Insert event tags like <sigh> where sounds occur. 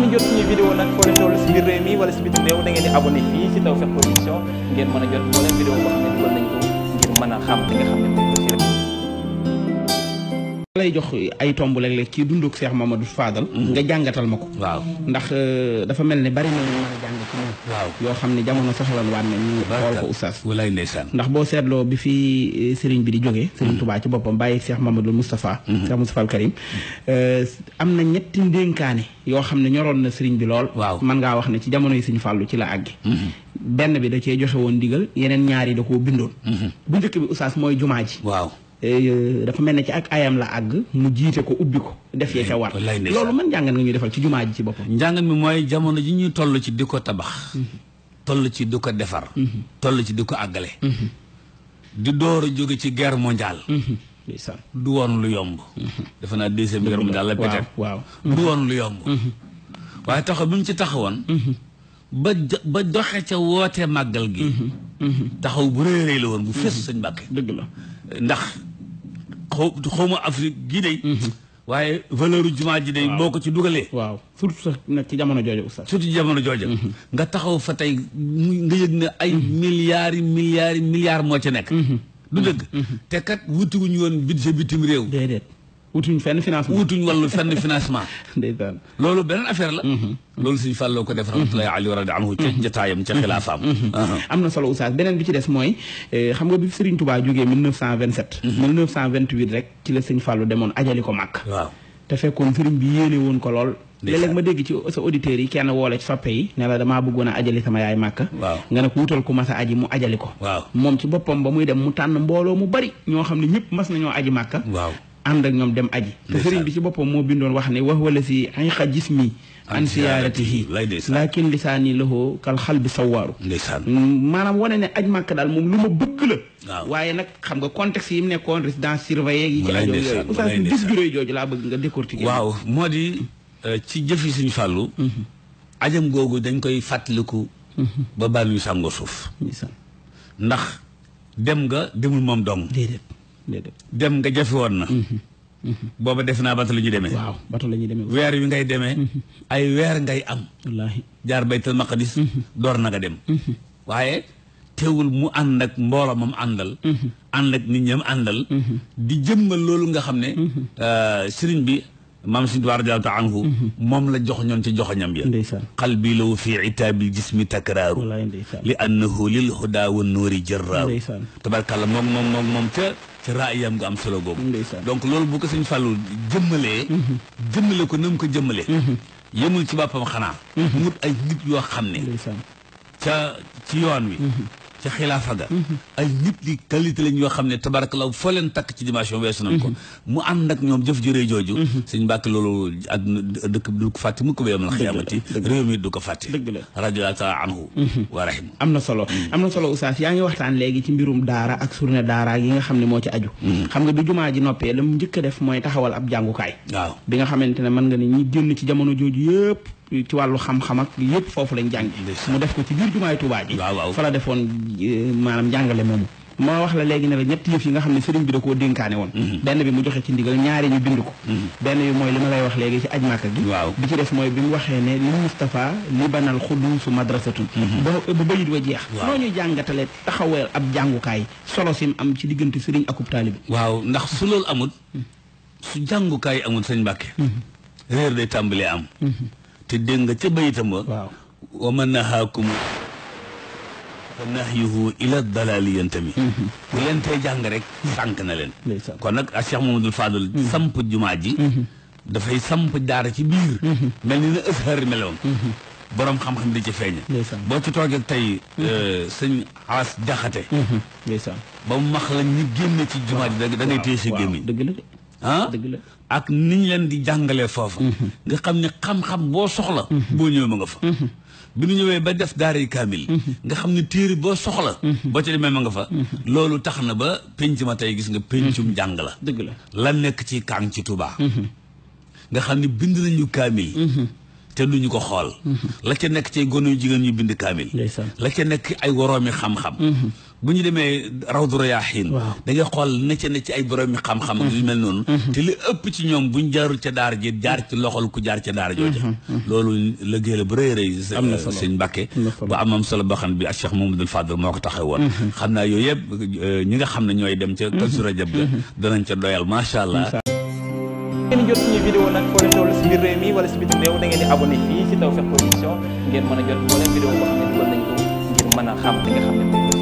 ngeen jot suñu vidéo nag foo leen toll si biir réew mi wala da ngeen di abonné fii ngeen jot leen vidéo ko lay jox ay tomb léeg-léeg ci dunduk Cheikh Mamadou Fadal mm-hmm. nga jàngatal ma ko waaw ndax euh, dafa mel ne bari na yoo xam ne jamono soxlan waat na ñu xool ko oustaz ndax boo seetloo bi fi euh, sëriñ bi di jóge sëriñ mm-hmm. Touba ci boppam bàyyi Cheikh Mamadou Moustapha mm-hmm. Cheikh Moustapha al Karim euh, am na ñetti ndénkaane yoo xam ne ñoroon na sëriñ bi lool waaw mën ngaa wax ne ci jamono yi sëriñ Fàllu ci la àgge benn bi da cee joxe woon ndigal yeneen ñaar yi da koo bindoon bu njëkk bi oustaz mooy jumaa ji Eh, dafa mel ne ci ak ayam la àgg mu jiite ko ubbi ko def yee ca war loolu man njàngan nga ñuy defal ci jumaa ji ci boppam njàngan mi mooy jamono ji ñuy toll ci di ko tabax mhm. toll ci di ko defar mhm. toll ci di ko àggale mhm. di door a jóge ci guerre mondiale du woon lu yomb defe naa deuxième guerre mondiale la peut waaw du woon lu yomb waaye taxaw bi mu ci taxawoon ba ba doxe ca woote màggal gi taxaw bu rëy rëy la woon bu fees sëñ Mbàkke dëgg la ndax xaw xaw ma Afrique gii day mhm. waaye valeur u ji day boo ko ci dugalee waaw surtout sax nag ci jamono jooja oustaz surtout ci jamono jooja mhm. nga taxaw fa tey nga yëg ne ay mhm. milliards yi milliards moo ci nekk du dëgg te kat wutiwuñu woon budget bitim réew déedéet wutuñ fenn financement wutuñ wàllu <laughs> loolu beneen affaire la. Mhm. loolu suñu fàlloo ko def rahmatullahi alayhi wa anhu ca mhm. njataayam ca xilaafaam. Mhm. Uh-huh. am na solo oustaz beneen bi ci des mooy eh, xam nga bi Serigne Touba jógee 1927. 1928 rek ci la sëñ Fallou demoon ajali ko màkk. waaw te fekkoon Serigne bi yéene woon ko lool. léeg-léeg ma dégg ci sa auditeurs yi kenn woole soppe yi ne la damaa bëggoon a ajali sama yaay màkk waaw nga ne ko wutal ku mas aji mu ajal ko waaw moom ci boppam ba muy dem mu tànn mbooloo mu bari ñoo xam ne ñëpp mas nañoo aji màkk waaw ànd ak ñoom dem aji te sëriñ bi ci boppam moo bindoon wax ne wax wala si ay xa gis mi an siyaaratihi laakin la lahu kal xal bi sawaaru maanaam wane ne aj màkk daal moom lu ma bëgg la waaye nag xam nga contexte yi mu nekkoon résidence surveillée yi ci ajo yooyu oustaz gis bi réy jooju laa bëgg nga décortiquer waaw moo di euh, ci jëfi suñ fàllu mhm. ajam googu dañ koy fàttaliku mhm. ba bàyyi ñu sàngoo suuf ndax dem nga demul moom dong dem nga jafe won na mhm. Mhm. booba def na bata ñu démé waaw bata ñu démé wër wi ngay démé mhm. ay wër ngay am wallahi jaar baytul maqdis door na nga dem wayé téwul mu and ak mbooloo moom andal and ak nit ñam andal di jëmmal loolu nga xamné euh sëriñ bi mam si dal ta anhu mom la ñon ci ñam ya qalbi law fi al jismi takrar li annahu lil huda wan nur jarra tabarakallah mom mom mom mom te ci raayam nga am solo googu donc loolu bu ko sëñ Fallou jëmmalee mm-hmm. jëmmale ko na mu ko jëmmalee mm-hmm. yemul ci boppam xanaa mut mm-hmm. ay nit yoo xam ne ca ci yoon wi ca xilaafa ga ay nit li qualité lañ yoo xam ne tabarakallah foo leen takk ci dimension weesu nan ko mhm. mu ànd ak ñoom jëf jëree jooju mhm. sëñ Mbàkke loolu àdduna dëkk bi ko fàtte mu ko béyam la xiyaamati réew mi du ko fàtte dëgg la radiyallahu taala anhu mhm. wa rahima am na solo am na solo oustaz yaa ngi waxtaan léegi ci mbirum daara ak surne daara yi nga xam ne moo ci aju xam nga du jumaa ji noppee la mu njëkk a def mooy taxawal ab jàngukaay waaw bi nga xamante ne mën nga ne ñi génn ci jamono jooju yëpp ci wàllu xam-xam ak yëpp foofu lañ jàng mu def ko ci biir jumaay Tuubaa ji fa la defoon eh, maanaam jàngale moomu moo wax la léegi ne la ñetti yëf yi nga xam ne sëriñ bi da koo dénkaane woon mhm. benn bi mu joxe ci ndigal ñaari ñu bind ko mhm. benn bi mooy li ma lay wax léegi ci aj màkka waaw bi ci def mooy bi mu waxee ne li Moustapha li banal xuduusu madrasatun mhm. ba ba bayit wa jeex noo ñu jàngatale taxawee ab jàngukaay solo mu am ci diggante sëriñ akub taalib waaw ndax su loolu amul su jàngukaay amul sëñ Mbàkke réer day am te dégg nga ca baytam wa wa ma nahaakum fa nahyuhu ila dalali yantami mm-hmm. bu leen tey jàng rek sànq na leen kon nag a Cheikh Mamadou Fadul mm-hmm. samp jumaa ji mm-hmm. dafay samp daara ci biir mel ni na ëshar meloon borom xam-xam di ci feeñe boo ci toogee tey euh, sëñ aas jaxate ba mu max la ñu génn ci jumaa ji da ngay gémmiñ ah ak niñ leen di jàngalee foofa mm-hmm. nga xam ne xam-xam boo soxla mm-hmm. boo ñëwee ma nga fa mm-hmm. bi ñu ñëwee ba def daara yi kaamil nga xam ne téere boo soxla boo ca demee ma nga fa loolu tax na ba pénc ma tey gis nga péncum jàng la dëgg la la nekk ci kàng ci tubaa nga xam ne bind nañu kaamil te duñu ko xool la ca nekk ci gone yu jigéen ñu bind kaamil la ca nekk ay woroomi xam-xam bu ñu demee rawdu rayaaxiin da ngay xool ne ca ne ci ay borom yi xam-xam ak yu mel noonu mm-hmm. Mm-hmm. te li ëpp ci ñoom bu buñ jaarul ca daar ji jaar ci loxol ku jaar ca daara jooja mm-hmm. loolu liggéey la bu rëy rëy am na solo sëñ Mbàkke bu amam solo boo xam ne bi ak Cheikh Mamadou Fadl moo ko taxaw woon xam naa yooyu yëpp euh, ñi nga xam ne ñooy dem ca Kazu Rajab danañ ca doyal macha allah ngeen